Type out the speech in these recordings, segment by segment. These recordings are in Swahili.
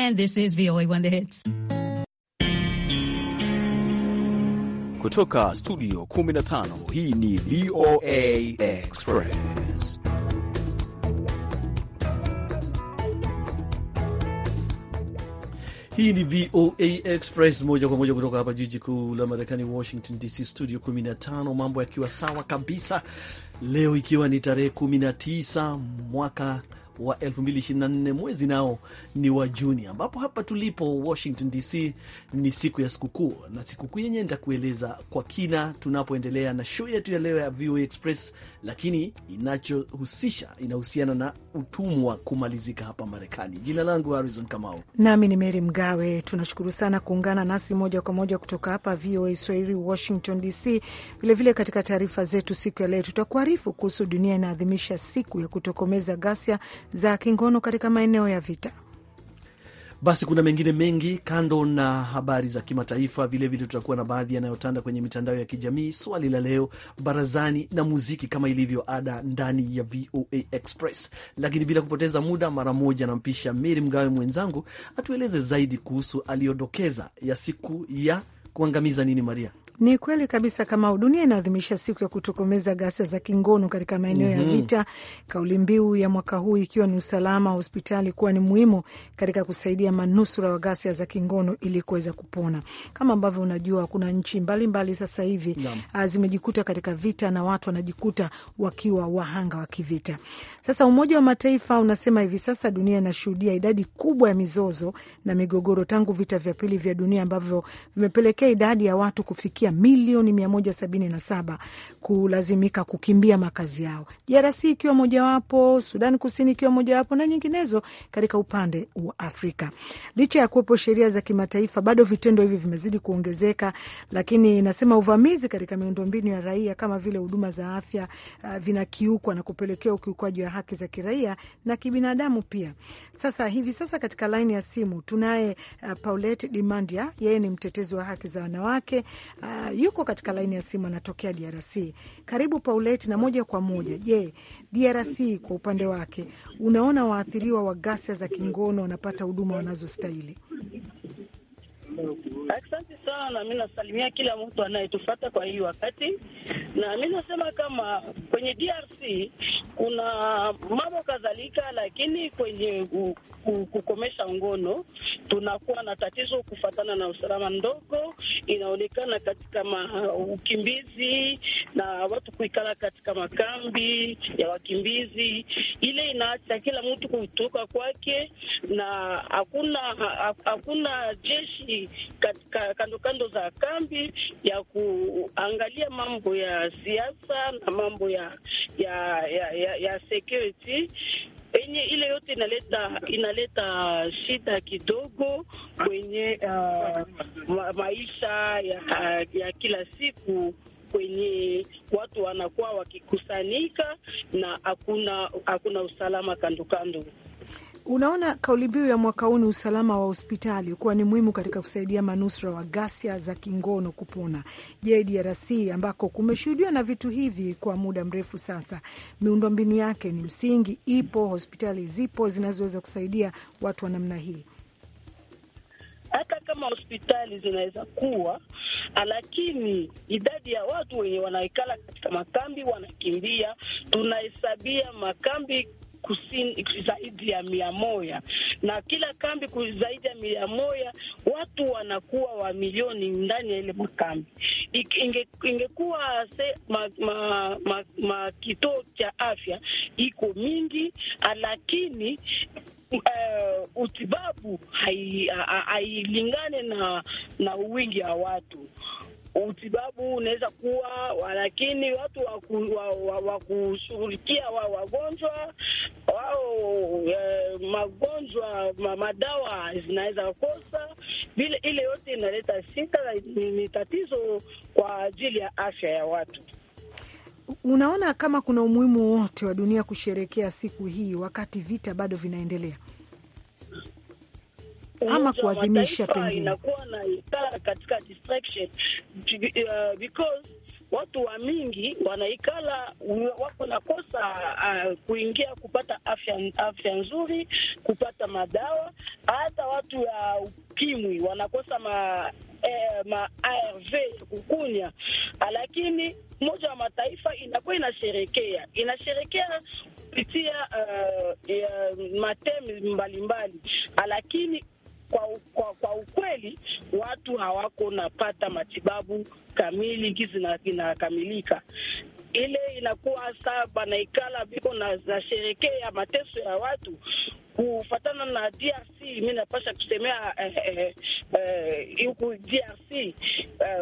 And this is VOA One The Hits. Kutoka studio 15 hii ni VOA Express. Hii ni VOA Express moja kwa moja kutoka hapa jiji kuu la Marekani, Washington DC, studio 15, mambo yakiwa sawa kabisa leo, ikiwa ni tarehe 19 mwaka wa 2024 mwezi nao ni wa Juni, ambapo hapa tulipo Washington DC ni siku ya sikukuu, na sikukuu yenyewe nitakueleza kwa kina tunapoendelea na show yetu ya leo ya VOA Express, lakini inachohusisha inahusiana na utumwa kumalizika hapa Marekani. Jina langu Harrison Kamau, nami ni Mary Mgawe. Tunashukuru sana kuungana nasi moja kwa moja kutoka hapa VOA Swahili, Washington DC. Vilevile katika taarifa zetu siku ya leo tutakuarifu kuhusu dunia inaadhimisha siku ya kutokomeza ghasia za kingono katika maeneo ya vita. Basi kuna mengine mengi kando na habari za kimataifa, vilevile tutakuwa na baadhi yanayotanda kwenye mitandao ya kijamii, swali la leo, barazani na muziki kama ilivyo ada ndani ya VOA Express. Lakini bila kupoteza muda, mara moja nampisha Meri Mgawe mwenzangu atueleze zaidi kuhusu aliyodokeza ya siku ya kuangamiza nini, Maria? Ni kweli kabisa, kama dunia inaadhimisha siku ya kutokomeza ghasia za kingono katika maeneo mm -hmm. ya mhm. vita, kauli mbiu ya mwaka huu ikiwa ni usalama wa hospitali kuwa ni muhimu katika kusaidia manusura wa ghasia za kingono ili kuweza kupona. Kama ambavyo unajua, kuna nchi mbalimbali sasa hivi yeah. zimejikuta katika vita na watu wanajikuta wakiwa wahanga wa kivita. Sasa Umoja wa Mataifa unasema hivi sasa dunia inashuhudia idadi kubwa ya mizozo na migogoro tangu vita vya pili vya dunia ambavyo vimepelekea kupelekea idadi ya watu kufikia milioni 177 kulazimika kukimbia makazi yao, DRC ikiwa mojawapo, Sudan Kusini ikiwa mojawapo na nyinginezo katika upande wa Afrika. Licha ya kuwepo sheria za kimataifa, bado vitendo hivi vimezidi kuongezeka, lakini inasema uvamizi katika miundombinu ya raia kama vile huduma za afya uh, vinakiukwa na kupelekea ukiukwaji wa haki za kiraia na kibinadamu pia. Sasa hivi sasa katika laini ya simu tunaye uh, Paulette Dimandia, yeye ni mtetezi wa haki za wanawake uh, yuko katika laini ya simu, anatokea DRC. Karibu Paulet, na moja kwa moja, je, DRC kwa upande wake unaona waathiriwa wa ghasia za kingono wanapata huduma wanazostahili? Asante sana. Mi nasalimia kila mtu anayetufata kwa hii wakati, na mi nasema kama kwenye DRC kuna mambo kadhalika, lakini kwenye kukomesha ngono tunakuwa na tatizo kufatana na usalama ndogo, inaonekana katika ma, ukimbizi na watu kuikala katika makambi ya wakimbizi, ile inaacha kila mtu kutoka kwake, na hakuna hakuna jeshi katika kando kando za kambi ya kuangalia mambo ya siasa na mambo ya ya ya, ya, ya security enye ile yote inaleta inaleta shida kidogo kwenye uh, ma maisha ya, ya kila siku kwenye watu wanakuwa wakikusanyika na hakuna hakuna usalama kando kando. Unaona, kauli mbiu ya mwaka huu ni usalama wa hospitali kuwa ni muhimu katika kusaidia manusura wa ghasia za kingono kupona. Je, DRC ambako kumeshuhudiwa na vitu hivi kwa muda mrefu sasa, miundombinu yake ni msingi, ipo hospitali zipo zinazoweza kusaidia watu wa namna hii? Hata kama hospitali zinaweza kuwa Ah, lakini idadi ya watu wenye wanaikala katika makambi wanakimbia, tunahesabia makambi kusini zaidi ya mia moja na kila kambi zaidi ya mia moja watu wanakuwa wa milioni ndani ya ile makambi. Inge, ingekuwa makituo ma, ma, ma cha afya iko mingi, lakini Uh, utibabu hailingane hai na na uwingi wa watu utibabu unaweza kuwa, lakini watu wakushughulikia wa, wa, wa wagonjwa wao e, magonjwa ma, madawa zinaweza kosa vile, ile yote inaleta sita, ni tatizo kwa ajili ya afya ya watu. Unaona kama kuna umuhimu wote wa dunia kusherekea siku hii wakati vita bado vinaendelea? ama kuadhimisha pengine inakuwa na katika distraction uh, because watu wa mingi wanaikala wako nakosa uh, eh, kuingia kupata afya, afya nzuri kupata madawa. Hata watu uh, ukimwi wanakosa ma, eh, ma ARV ya kukunya, lakini Umoja wa Mataifa inakuwa inasherekea inasherekea kupitia uh, uh, matemi mbalimbali, lakini kwa, kwa, kwa ukweli watu hawako napata matibabu kamili kisi inakamilika ile inakuwa saba na ikala viko na, na ya mateso ya watu kufatana na DRC. Mi napasha kusemea huku eh, eh, eh, eh DRC eh,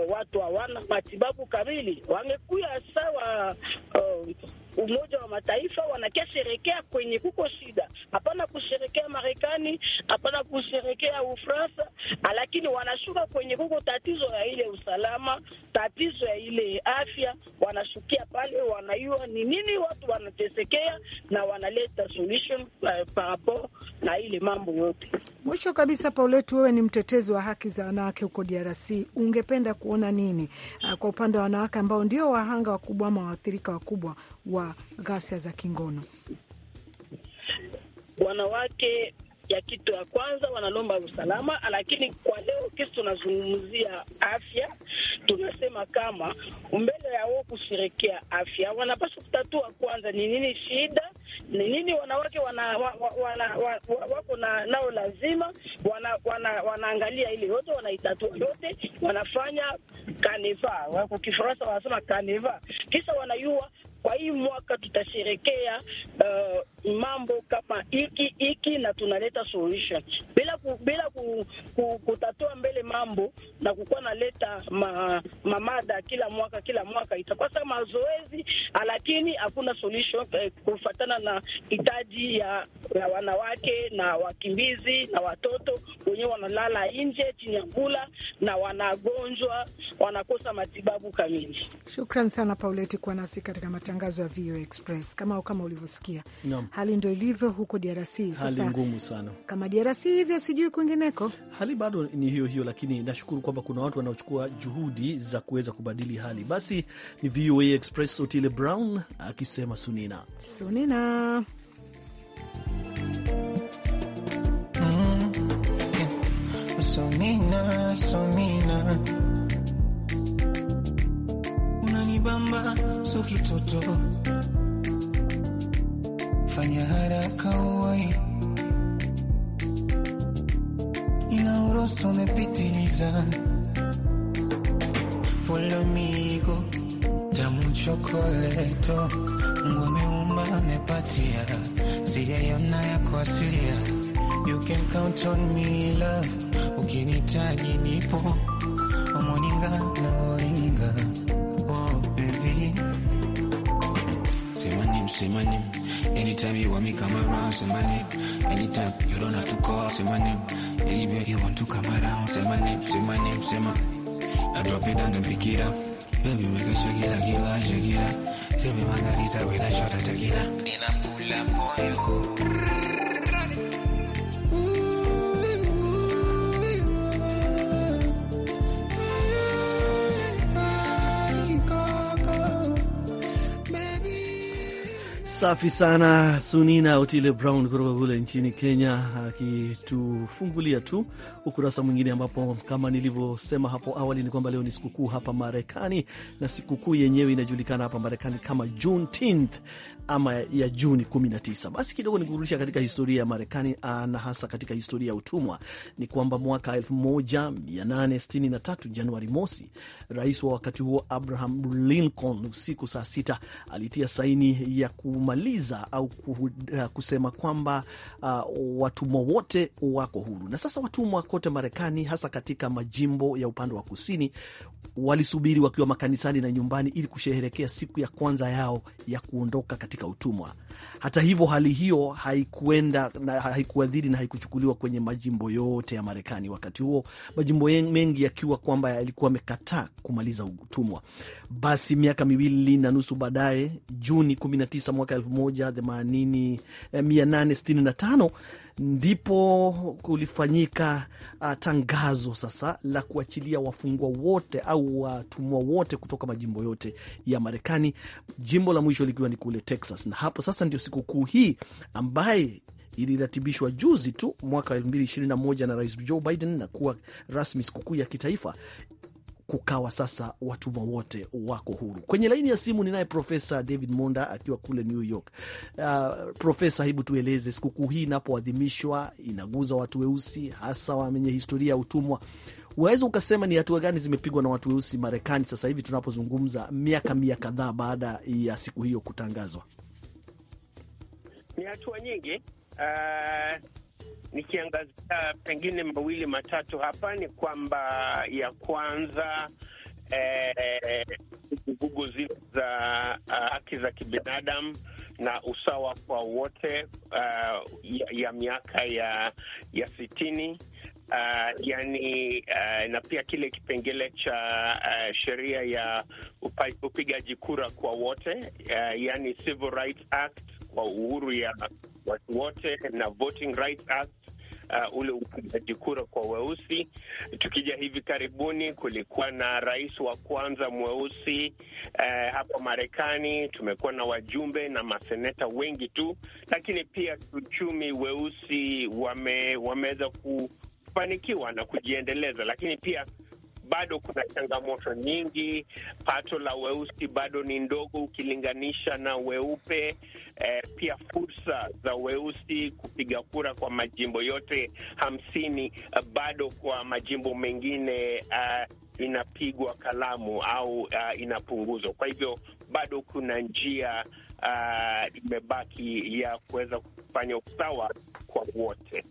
watu hawana matibabu kamili. Wangekuya sawa uh, Umoja wa Mataifa wanakia sherekea kwenye kuko shida, hapana kusherekea Marekani, hapana kusherekea Ufransa, lakini wanashuka kwenye huko tatizo ya ile usalama, tatizo ya ile afya, wanashukia pale, wanaiwa ni nini watu wanatesekea, na wanaleta solution uh, eh, parapo na ile mambo yote. Mwisho kabisa, Pauletu, wewe ni mtetezi wa haki za wanawake huko DRC, ungependa kuona nini uh, kwa upande wa wanawake ambao ndio wahanga wakubwa ama waathirika wakubwa wa ghasia za kingono? wanawake ya kitu ya kwanza wanalomba usalama, lakini kwa leo kesi tunazungumzia afya, tunasema kama mbele ya wao kusherekea afya wanapaswa kutatua kwanza ni nini shida, ni nini wanawake wana, wa, wa, wana, wa, wako na nao lazima wana, wana, wanaangalia ile yote wanaitatua yote, wanafanya kaneva, kwa Kifaransa wanasema kaneva, kisha wanayua kwa hii mwaka tutasherekea uh, mambo kama hiki hiki, na tunaleta solution bila, ku, bila ku, ku, kutatua mbele mambo na kukuwa naleta ma, mamada kila mwaka kila mwaka, itakuwa sa mazoezi, lakini hakuna solution eh, kufatana na hitaji ya, ya wanawake na wakimbizi na watoto wenyewe wanalala nje chini ya kula na wanagonjwa wanakosa matibabu kamili. Shukran sana Pauleti kuwa nasi katika matangazo ya VOA Express. Kama kama ulivyosikia, hali ndio ilivyo huko DRC sasa, hali ngumu sana kama DRC hivyo sijui kwingineko hali bado ni hiyo hiyo, lakini nashukuru kwamba kuna watu wanaochukua juhudi za kuweza kubadili hali. Basi ni VOA Express, Otile Brown akisema sunina sunina mm, mm-hmm. yeah. sunina sunina unanibamba sukitoto fanya haraka lo amigo mucho coleto Follow me go, tamu chokoleto, Mungu ameumba amepatia, sijaiona yako asilia. You can count on me love, ukinitaji nipo sema na drop it down and pick it up baby make it shake it like you like shake it up show me margarita with a shot of tequila nina pula moyo Safi sana Sunina Otile Brown kutoka kule nchini Kenya, akitufungulia tu ukurasa mwingine, ambapo kama nilivyosema hapo awali ni kwamba leo ni sikukuu hapa Marekani, na sikukuu yenyewe inajulikana hapa Marekani kama Juneteenth, ama ya Juni 19. Basi kidogo nikurudisha katika historia ya Marekani ah, na hasa katika historia ya utumwa, ni kwamba mwaka 1863 Januari mosi, rais wa wakati huo Abraham Lincoln usiku saa sita alitia saini ya kumaliza au ah, kusema kwamba uh, watumwa wote wako huru. Na sasa watumwa kote Marekani, hasa katika majimbo ya upande wa kusini, walisubiri wakiwa makanisani na nyumbani ili kusherehekea siku ya kwanza yao ya kuondoka katika katika utumwa. Hata hivyo, hali hiyo haikuenda na haikuadhiri na haikuchukuliwa kwenye majimbo yote ya Marekani wakati huo, majimbo mengi yakiwa kwamba yalikuwa amekataa kumaliza utumwa. Basi miaka miwili na nusu baadaye, Juni 19 mwaka 1865 ndipo kulifanyika uh, tangazo sasa la kuachilia wafungwa wote au watumwa wote kutoka majimbo yote ya Marekani, jimbo la mwisho likiwa ni kule Texas. Na hapo sasa ndio sikukuu hii ambaye iliratibishwa juzi tu mwaka 2021 na Rais Joe Biden na kuwa rasmi sikukuu ya kitaifa kukawa sasa watumwa wote wako huru. Kwenye laini ya simu ninaye Profesa David Monda akiwa kule New York. Uh, Profesa, hebu tueleze, sikukuu hii inapoadhimishwa inaguza watu weusi, hasa wenye historia ya utumwa Waweza ukasema ni hatua gani zimepigwa na watu weusi Marekani sasa hivi tunapozungumza, miaka mia kadhaa baada ya siku hiyo kutangazwa? Ni hatua nyingi. Uh, Nikiangazia ah, pengine mawili matatu hapa, ni kwamba ya kwanza vuguvugu eh, zile za uh, haki za kibinadamu na usawa kwa wote uh, ya, ya miaka ya ya sitini uh, yani uh, na pia kile kipengele cha uh, sheria ya upigaji kura kwa wote uh, yani Civil Rights Act kwa uhuru ya watu wote na Voting Rights Act, uh, ule upigaji kura kwa weusi. Tukija hivi karibuni, kulikuwa na rais wa kwanza mweusi uh, hapa Marekani. Tumekuwa na wajumbe na maseneta wengi tu, lakini pia kiuchumi weusi wame, wameweza ku fanikiwa na kujiendeleza, lakini pia bado kuna changamoto nyingi. Pato la weusi bado ni ndogo ukilinganisha na weupe. Eh, pia fursa za weusi kupiga kura kwa majimbo yote hamsini eh, bado kwa majimbo mengine uh, inapigwa kalamu au uh, inapunguzwa. Kwa hivyo bado kuna njia uh, imebaki ya kuweza kufanya usawa kwa wote.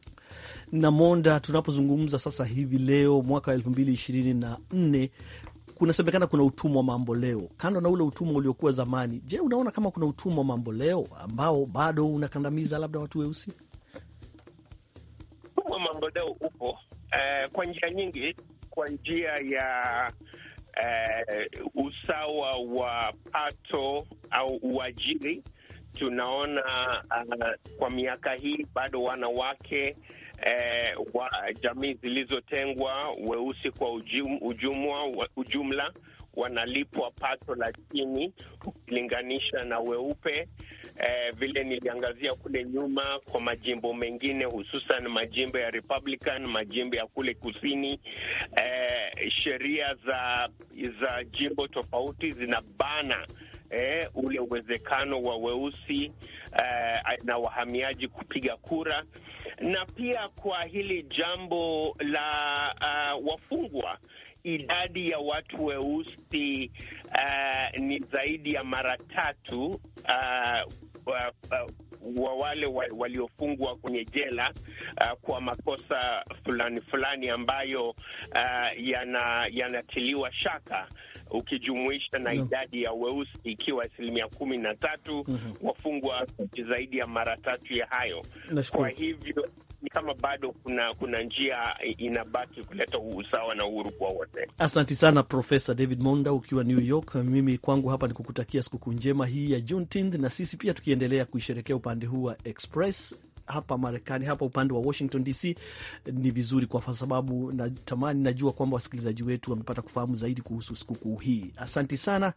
Namonda, tunapozungumza sasa hivi leo mwaka wa elfu mbili ishirini na nne kunasemekana kuna utumwa mambo leo. Kando na ule utumwa uliokuwa zamani, je, unaona kama kuna utumwa mambo leo ambao bado unakandamiza labda watu weusi? Utumwa mambo leo upo uh, kwa njia nyingi, kwa njia ya uh, usawa wa pato au uajiri tunaona uh, kwa miaka hii bado wanawake eh, wa jamii zilizotengwa weusi kwa ujum, ujumwa, ujumla wanalipwa pato la chini ukilinganisha na weupe. Eh, vile niliangazia kule nyuma kwa majimbo mengine, hususan majimbo ya Republican, majimbo ya kule kusini, eh, sheria za za jimbo tofauti zinabana eh, ule uwezekano wa weusi eh, na wahamiaji kupiga kura na pia kwa hili jambo la uh, wafungwa idadi ya watu weusi uh, ni zaidi ya mara tatu uh, wa, wa wale waliofungwa kwenye jela uh, kwa makosa fulani fulani ambayo uh, yanatiliwa yana shaka ukijumuisha na idadi ya weusi ikiwa asilimia kumi na tatu, mm -hmm. wafungwa zaidi ya mara tatu ya hayo. Kwa hivyo ni kama bado kuna kuna njia inabaki kuleta usawa na uhuru kwa wote. Asanti sana Profesa David Monda ukiwa New York. Mimi kwangu hapa ni kukutakia sikukuu njema hii ya Juneteenth, na sisi pia tukiendelea kuisherekea upande huu wa Express hapa Marekani, hapa upande wa Washington DC ni vizuri, kwa sababu natamani, najua kwamba wasikilizaji wetu wamepata kufahamu zaidi kuhusu sikukuu hii. Asanti sana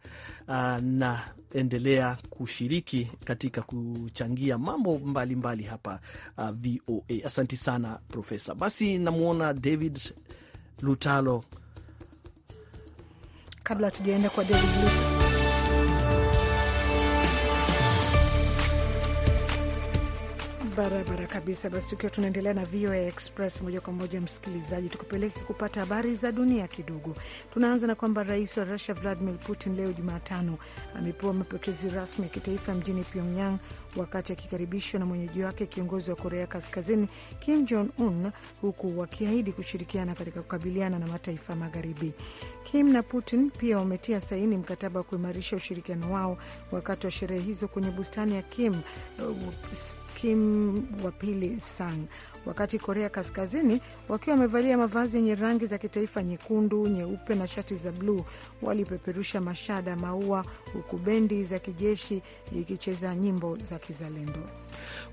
ah, na endelea kushiriki katika kuchangia mambo mbalimbali mbali hapa ah, VOA. Asanti sana Profesa. Basi namwona David Lutalo kabla tujaenda kwa David Lutalo. Barabara kabisa. Basi tukiwa tunaendelea na VOA Express moja kwa moja, msikilizaji, tukupeleke kupata habari za dunia kidogo. Tunaanza na kwamba rais wa Rusia Vladimir Putin leo Jumatano amepewa mapokezi rasmi ya kitaifa mjini Pyongyang wakati akikaribishwa na mwenyeji wake kiongozi wa Korea Kaskazini Kim Jong Un, huku wakiahidi kushirikiana katika kukabiliana na mataifa magharibi. Kim na Putin pia wametia saini mkataba wa kuimarisha ushirikiano wao wakati wa sherehe hizo kwenye bustani ya Kim uh, Kim wa pili Sang, wakati Korea Kaskazini wakiwa wamevalia mavazi yenye rangi za kitaifa nyekundu, nyeupe na shati za bluu, walipeperusha mashada maua, huku bendi za kijeshi ikicheza nyimbo za kizalendo.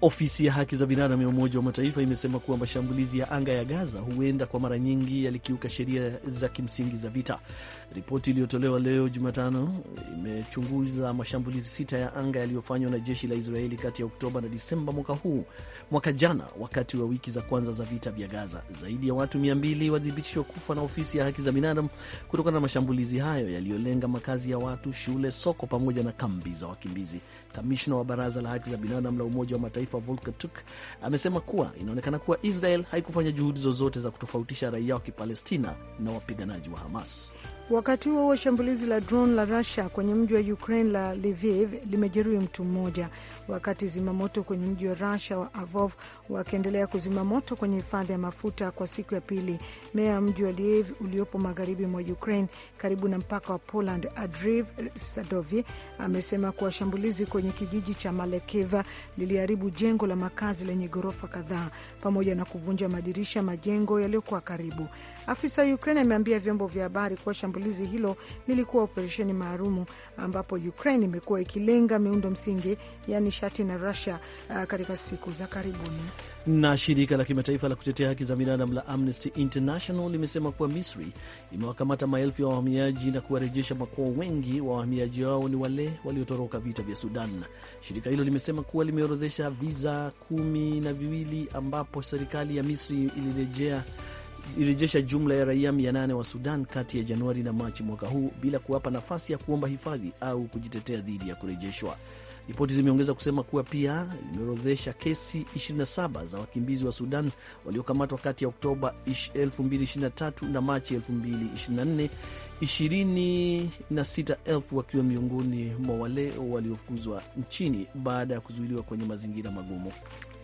Ofisi ya haki za binadamu ya Umoja wa Mataifa imesema kuwa mashambulizi ya anga ya Gaza huenda kwa mara nyingi yalikiuka sheria za kimsingi za vita. Ripoti iliyotolewa leo Jumatano imechunguza mashambulizi sita ya anga yaliyofanywa na jeshi la Israeli kati ya Oktoba na Disemba mwaka huu mwaka jana, wakati wa wiki za kwanza za vita vya Gaza. Zaidi ya watu 200 wadhibitishwa kufa na ofisi ya haki za binadamu kutokana na mashambulizi hayo yaliyolenga makazi ya watu, shule, soko pamoja na kambi za wakimbizi. Kamishna wa baraza la haki za binadamu la Umoja wa Mataifa Volker Turk amesema kuwa inaonekana kuwa Israel haikufanya juhudi zozote za kutofautisha raia wa Kipalestina na wapiganaji wa Hamas. Wakati huo huo, shambulizi la drone la Rusia kwenye mji wa Ukraine la Lviv limejeruhi mtu mmoja, wakati zimamoto kwenye mji wa Rusia wa Avov wakiendelea kuzima moto kwenye hifadhi ya mafuta kwa siku ya pili. Meya wa mji wa Lviv uliopo magharibi mwa Ukraine karibu na mpaka wa Poland, adriv sadovi amesema kuwa shambulizi kwenye kijiji cha Malekeva liliharibu jengo la makazi lenye ghorofa kadhaa pamoja na kuvunja madirisha majengo yaliyokuwa karibu. Afisa wa Ukraine ameambia vyombo vya habari kuwa shambulizi hilo lilikuwa operesheni maalumu ambapo Ukraine imekuwa ikilenga miundo msingi ya nishati na Rusia uh, katika siku za karibuni. Na shirika la kimataifa la kutetea haki za binadamu la Amnesty International limesema kuwa Misri imewakamata maelfu ya wahamiaji na kuwarejesha makwao. Wengi wa wahamiaji wao ni wale waliotoroka vita vya Sudan. Shirika hilo limesema kuwa limeorodhesha visa kumi na viwili ambapo serikali ya Misri ilirejea ilirejesha jumla ya raia 8 wa Sudan kati ya Januari na Machi mwaka huu bila kuwapa nafasi ya kuomba hifadhi au kujitetea dhidi ya kurejeshwa. Ripoti zimeongeza kusema kuwa pia limeorodhesha kesi 27 za wakimbizi wa Sudan waliokamatwa kati ya Oktoba 2023 na Machi 2024 26,000 wakiwa miongoni mwa wale waliofukuzwa nchini baada ya kuzuiliwa kwenye mazingira magumu.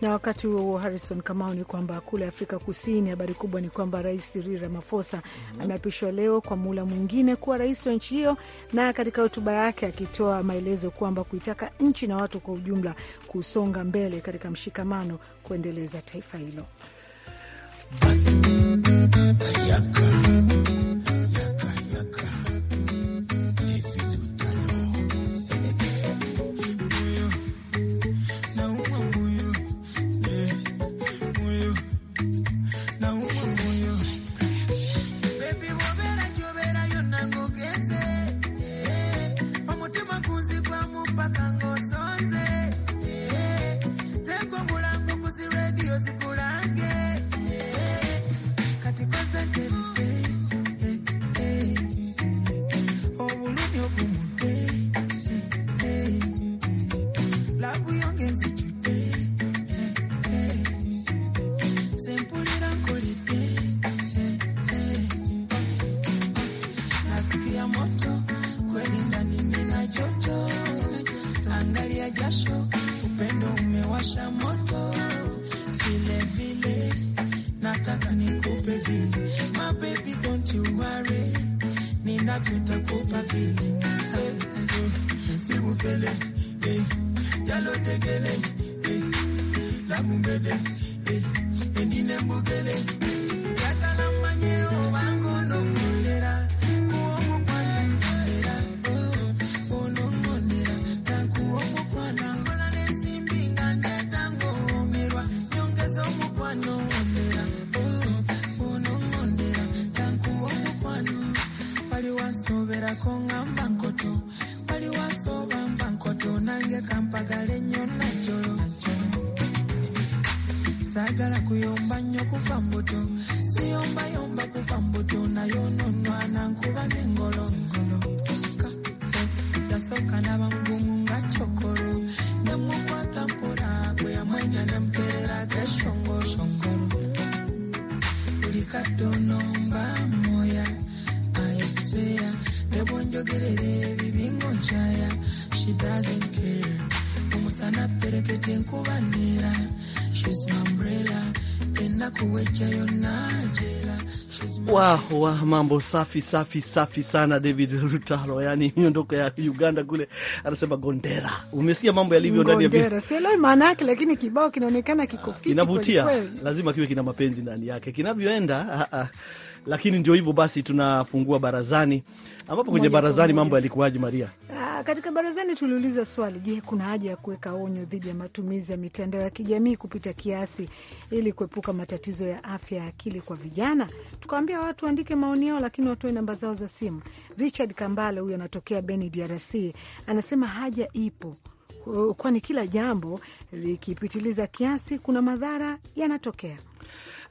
Na wakati huo huo, Harrison Kamau, ni kwamba kule Afrika Kusini habari kubwa ni kwamba Rais Cyril Ramaphosa mm -hmm. ameapishwa leo kwa muhula mwingine kuwa rais wa nchi hiyo, na katika hotuba yake akitoa maelezo kwamba kuitaka nchi na watu kwa ujumla kusonga mbele katika mshikamano kuendeleza taifa hilo Basi. angalia moto kweli ndani nina joto, angalia jasho, upendo umewasha moto vilevile. Nataka nikupe vile, my baby don't you worry, ninavyotakupa vile sibupele eh, yalotegele eh, lavumbele endinembugele eh, yakalamanyeo Jalaban Wow, wow, mambo safi safi safi sana David rutaro yani miondoko ya Uganda kule, anasema Gondera. Umesikia mambo yalivyo ndani ya Gondera, sielewi maana yake, lakini kibao kinaonekana kiko fiti, kinavutia. Lazima kiwe kina mapenzi ndani yake kinavyoenda, ah, ah. lakini ndio hivyo basi, tunafungua barazani ambapo kwenye barazani mambo yalikuwaje, Maria? Aa, ah, katika barazani tuliuliza swali, je, kuna haja ya kuweka onyo dhidi ya matumizi ya mitandao ya kijamii kupita kiasi ili kuepuka matatizo ya afya ya akili kwa vijana? tukawambia watu waandike maoni yao, lakini watoe namba zao za simu. Richard Kambale huyu anatokea Beni, DRC, anasema haja ipo uh, kwani kila jambo likipitiliza kiasi kuna madhara yanatokea.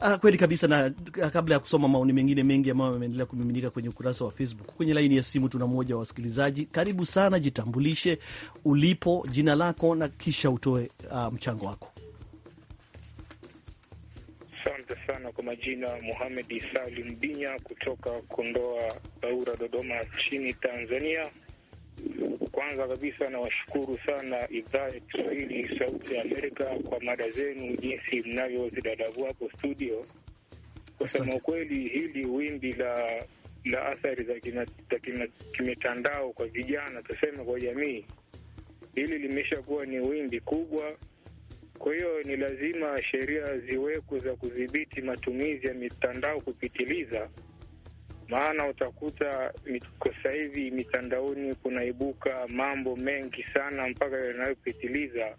Uh, kweli kabisa na uh, kabla ya kusoma maoni mengine mengi ambayo yameendelea kumiminika kwenye ukurasa wa Facebook, kwenye laini ya simu tuna mmoja wa wasikilizaji. Karibu sana, jitambulishe ulipo, jina lako na kisha utoe uh, mchango wako. Asante sana kwa majina, Muhamedi Salim Binya kutoka Kondoa Baura, Dodoma chini Tanzania. Kwanza kabisa nawashukuru sana idhaa ya Kiswahili Sauti ya Amerika kwa mada zenu, jinsi mnavyozidadavua hapo studio. Kusema ukweli, hili wimbi la la athari za kimitandao kwa vijana, tuseme kwa jamii, hili limeshakuwa ni wimbi kubwa. Kwa hiyo ni lazima sheria ziwekwe za kudhibiti matumizi ya mitandao kupitiliza maana utakuta kwa sahivi mitandaoni kunaibuka mambo mengi sana mpaka yanayopitiliza.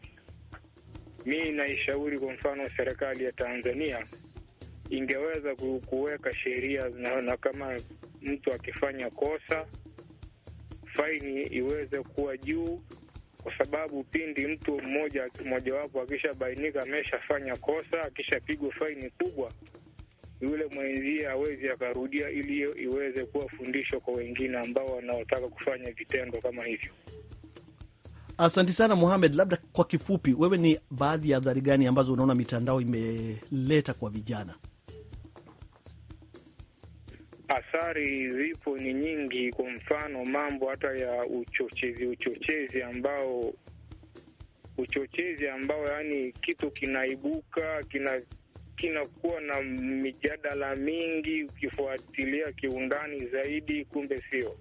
Mi naishauri kwa mfano, serikali ya Tanzania ingeweza kuweka sheria na, na kama mtu akifanya kosa faini iweze kuwa juu, kwa sababu pindi mtu mmoja mmojawapo akishabainika ameshafanya kosa akishapigwa faini kubwa yule mwenzie awezi akarudia, ili iweze kuwa fundisho kwa wengine ambao wanaotaka kufanya vitendo kama hivyo. Asante sana Muhamed, labda kwa kifupi, wewe ni baadhi ya adhari gani ambazo unaona mitandao imeleta kwa vijana? Athari zipo ni nyingi. Kwa mfano, mambo hata ya uchochezi, uchochezi ambao uchochezi ambao, yani kitu kinaibuka kina kinakuwa na mijadala mingi, ukifuatilia kiundani zaidi, kumbe sio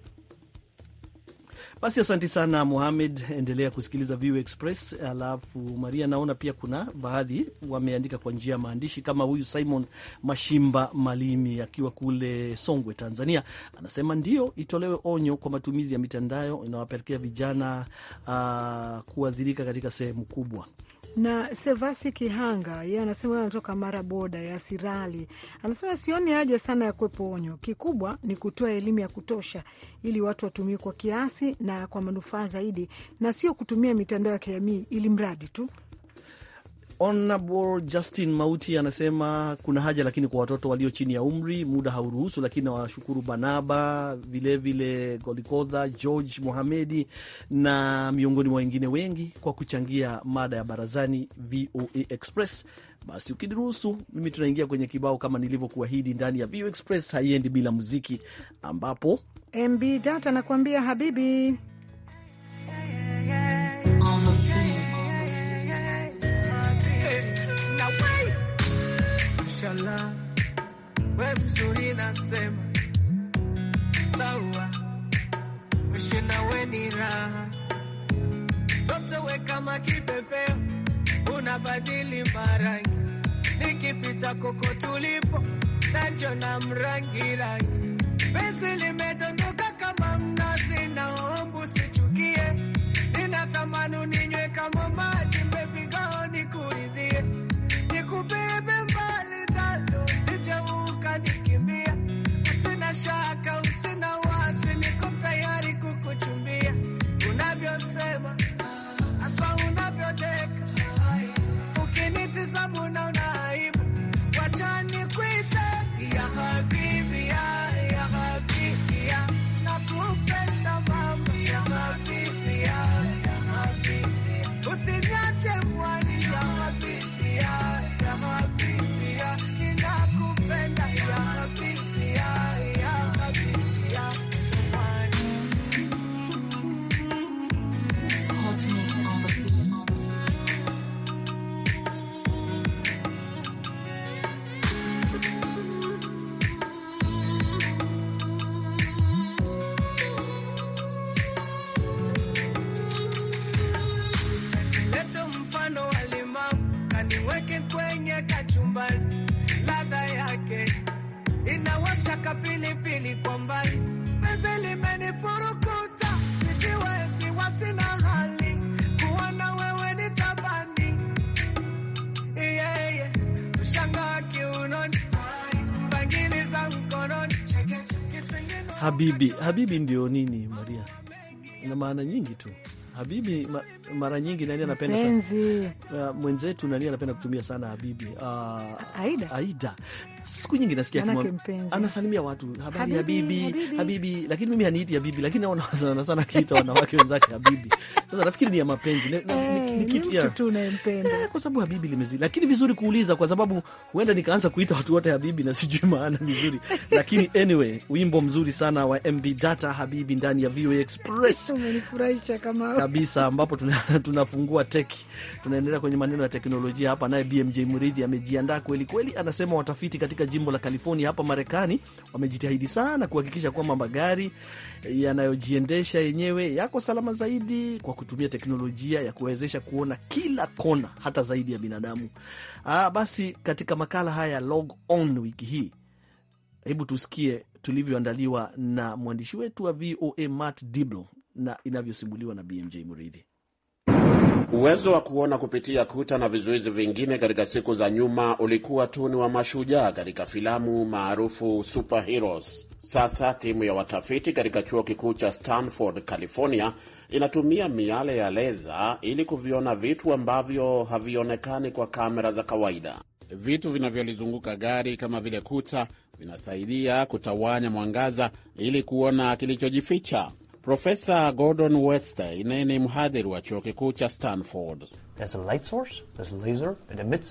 basi. Asanti sana Muhamed, endelea kusikiliza VU Express. Alafu Maria, naona pia kuna baadhi wameandika kwa njia ya maandishi, kama huyu Simon Mashimba Malimi akiwa kule Songwe, Tanzania, anasema ndio itolewe onyo kwa matumizi ya mitandao inawapelekea vijana uh, ah, kuadhirika katika sehemu kubwa na Sevasi Kihanga yeye anasema anatoka mara boda ya Sirali, anasema sioni haja sana ya kuwepo onyo. Kikubwa ni kutoa elimu ya kutosha ili watu watumie kwa kiasi na kwa manufaa zaidi, na sio kutumia mitandao ya kijamii ili mradi tu Honorable Justin Mauti anasema kuna haja lakini kwa watoto walio chini ya umri, muda hauruhusu, lakini nawashukuru Banaba, vilevile Golikodha, George muhamedi na miongoni mwa wengine wengi kwa kuchangia mada ya barazani VOA Express. Basi ukiniruhusu mimi, tunaingia kwenye kibao kama nilivyokuahidi ndani ya VOA Express, haiendi bila muziki, ambapo MB Data anakuambia habibi mashallah, we mzuri nasema sawa, wishi na we ni raha, toto we kama kipepeo, unabadili marangi, nikipita koko tulipo nacho na mrangi rangi, pesa limedondoka kama mnazi, naombu sichukie ninatamani ninywe kama weke kwenye kachumbari, ladha yake inawasha kapilipili kwa mbali, penzi limenifurukuta sijiwezi, wasina hali kuona wewe ni tabani yeah, yeah. mshanga wa kiunoni, mbangili za mkononi. Habibi, habibi ndio nini Maria, na maana nyingi tu Habibi ma, mara nyingi nani anapenda sana uh, mwenzetu nani anapenda kutumia sana Habibi uh, Aida. Aida siku nyingi nasikia anasalimia watu habari habibi, habibi, habibi, lakini mimi haniiti habibi, lakini naona sana sana akiita wanawake wenzake habibi. Sasa nafikiri ni ya mapenzi ni, hey, eh, ni kitu ya tu unayempenda eh, kwa sababu habibi limezidi, lakini vizuri kuuliza, kwa sababu huenda nikaanza kuita watu wote habibi na sijui maana vizuri lakini anyway, wimbo mzuri sana wa MB Data habibi ndani ya VOA Express umenifurahisha kama kabisa, ambapo tunafungua tuna tech, tunaendelea kwenye maneno ya teknolojia hapa, naye BMJ Muridi amejiandaa kweli kweli, anasema watafiti katika katika jimbo la California hapa Marekani wamejitahidi sana kuhakikisha kwamba magari yanayojiendesha yenyewe yako salama zaidi kwa kutumia teknolojia ya kuwezesha kuona kila kona hata zaidi ya binadamu. Ah, basi katika makala haya log on wiki hii, hebu tusikie tulivyoandaliwa na mwandishi wetu wa VOA Matt Diblo na inavyosimuliwa na BMJ Muridhi. Uwezo wa kuona kupitia kuta na vizuizi vingine katika siku za nyuma ulikuwa tu ni wa mashujaa katika filamu maarufu superheroes. Sasa timu ya watafiti katika chuo kikuu cha Stanford, California inatumia miale ya leza ili kuviona vitu ambavyo havionekani kwa kamera za kawaida. Vitu vinavyolizunguka gari kama vile kuta vinasaidia kutawanya mwangaza ili kuona kilichojificha. Profesa Gordon Wetstein ni mhadhiri wa chuo kikuu cha Stanford.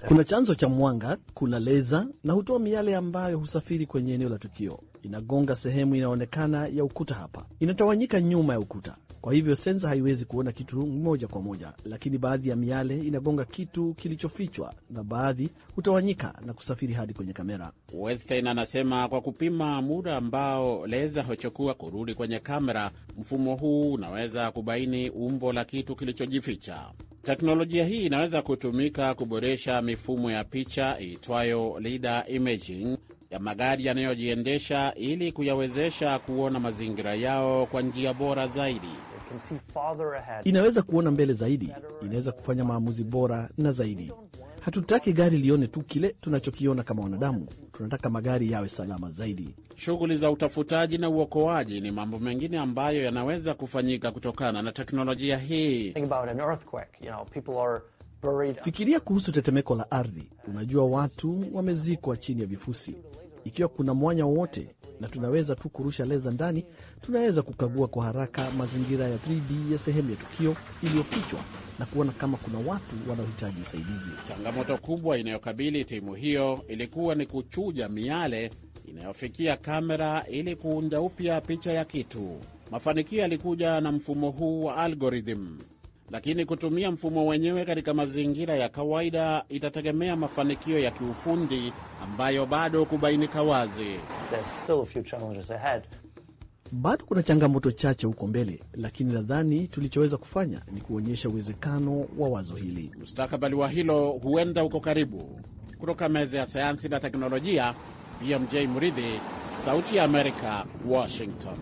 Kuna chanzo cha mwanga, kuna leza na hutoa miale ambayo husafiri kwenye eneo la tukio, inagonga sehemu inayoonekana ya ukuta. Hapa inatawanyika nyuma ya ukuta, kwa hivyo sensa haiwezi kuona kitu moja kwa moja, lakini baadhi ya miale inagonga kitu kilichofichwa na baadhi hutawanyika na kusafiri hadi kwenye kamera. Westin anasema kwa kupima muda ambao leza huchukua kurudi kwenye kamera, mfumo huu unaweza kubaini umbo la kitu kilichojificha. Teknolojia hii inaweza kutumika kuboresha mifumo ya picha iitwayo lidar imaging ya magari yanayojiendesha ili kuyawezesha kuona mazingira yao kwa njia bora zaidi inaweza kuona mbele zaidi, inaweza kufanya maamuzi bora na zaidi. Hatutaki gari lione tu kile tunachokiona kama wanadamu, tunataka magari yawe salama zaidi. Shughuli za utafutaji na uokoaji ni mambo mengine ambayo yanaweza kufanyika kutokana na teknolojia hii. Fikiria kuhusu tetemeko la ardhi. Unajua, watu wamezikwa chini ya vifusi. Ikiwa kuna mwanya wowote, na tunaweza tu kurusha leza ndani, tunaweza kukagua kwa haraka mazingira ya 3D ya sehemu ya tukio iliyofichwa na kuona kama kuna watu wanaohitaji usaidizi. Changamoto kubwa inayokabili timu hiyo ilikuwa ni kuchuja miale inayofikia kamera ili kuunda upya picha ya kitu. Mafanikio yalikuja na mfumo huu wa algorithm lakini kutumia mfumo wenyewe katika mazingira ya kawaida itategemea mafanikio ya kiufundi ambayo bado kubainika wazi. Bado kuna changamoto chache huko mbele, lakini nadhani tulichoweza kufanya ni kuonyesha uwezekano wa wazo hili. Mustakabali wa hilo huenda uko karibu. Kutoka meza ya sayansi na teknolojia, BMJ Muridhi, Sauti ya Amerika, Washington.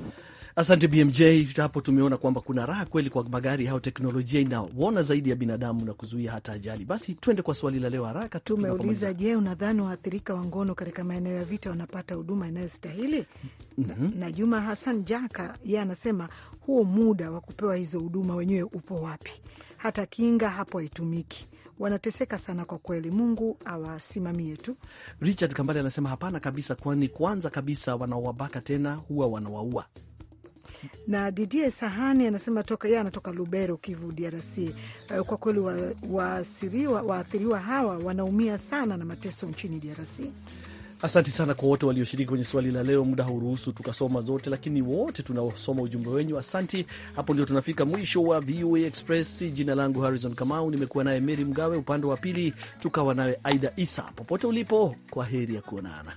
Asante BMJ. Hapo tumeona kwamba kuna raha kweli kwa magari hao, teknolojia inaona zaidi ya binadamu na kuzuia hata ajali. Basi twende kwa swali la leo haraka. Tumeuliza, je, unadhani waathirika wa ngono katika maeneo ya vita wanapata huduma inayostahili? mm -hmm. Na Juma Hassan Jaka yeye anasema huo muda wa kupewa hizo huduma wenyewe upo wapi? Hata kinga hapo haitumiki wanateseka sana kwa kweli. Mungu awasimamie tu. Richard Kambale anasema hapana kabisa, kwani kwanza kabisa wanaowabaka tena huwa wanawaua na Didie Sahani anasema toka yeye anatoka Lubero, Kivu, DRC. Eh, kwa kweli waathiriwa wa wa hawa wanaumia sana na mateso nchini DRC. asanti sana kwa wote walioshiriki kwenye swali la leo. Muda hauruhusu tukasoma zote, lakini wote tunaosoma ujumbe wenyu, asanti Hapo ndio tunafika mwisho wa VOA Express. Jina langu Harrison Kamau, nimekuwa naye Meri Mgawe, upande wa pili tukawa nawe Aida Isa. Popote ulipo, kwa heri ya kuonana.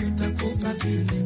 nitakupa vile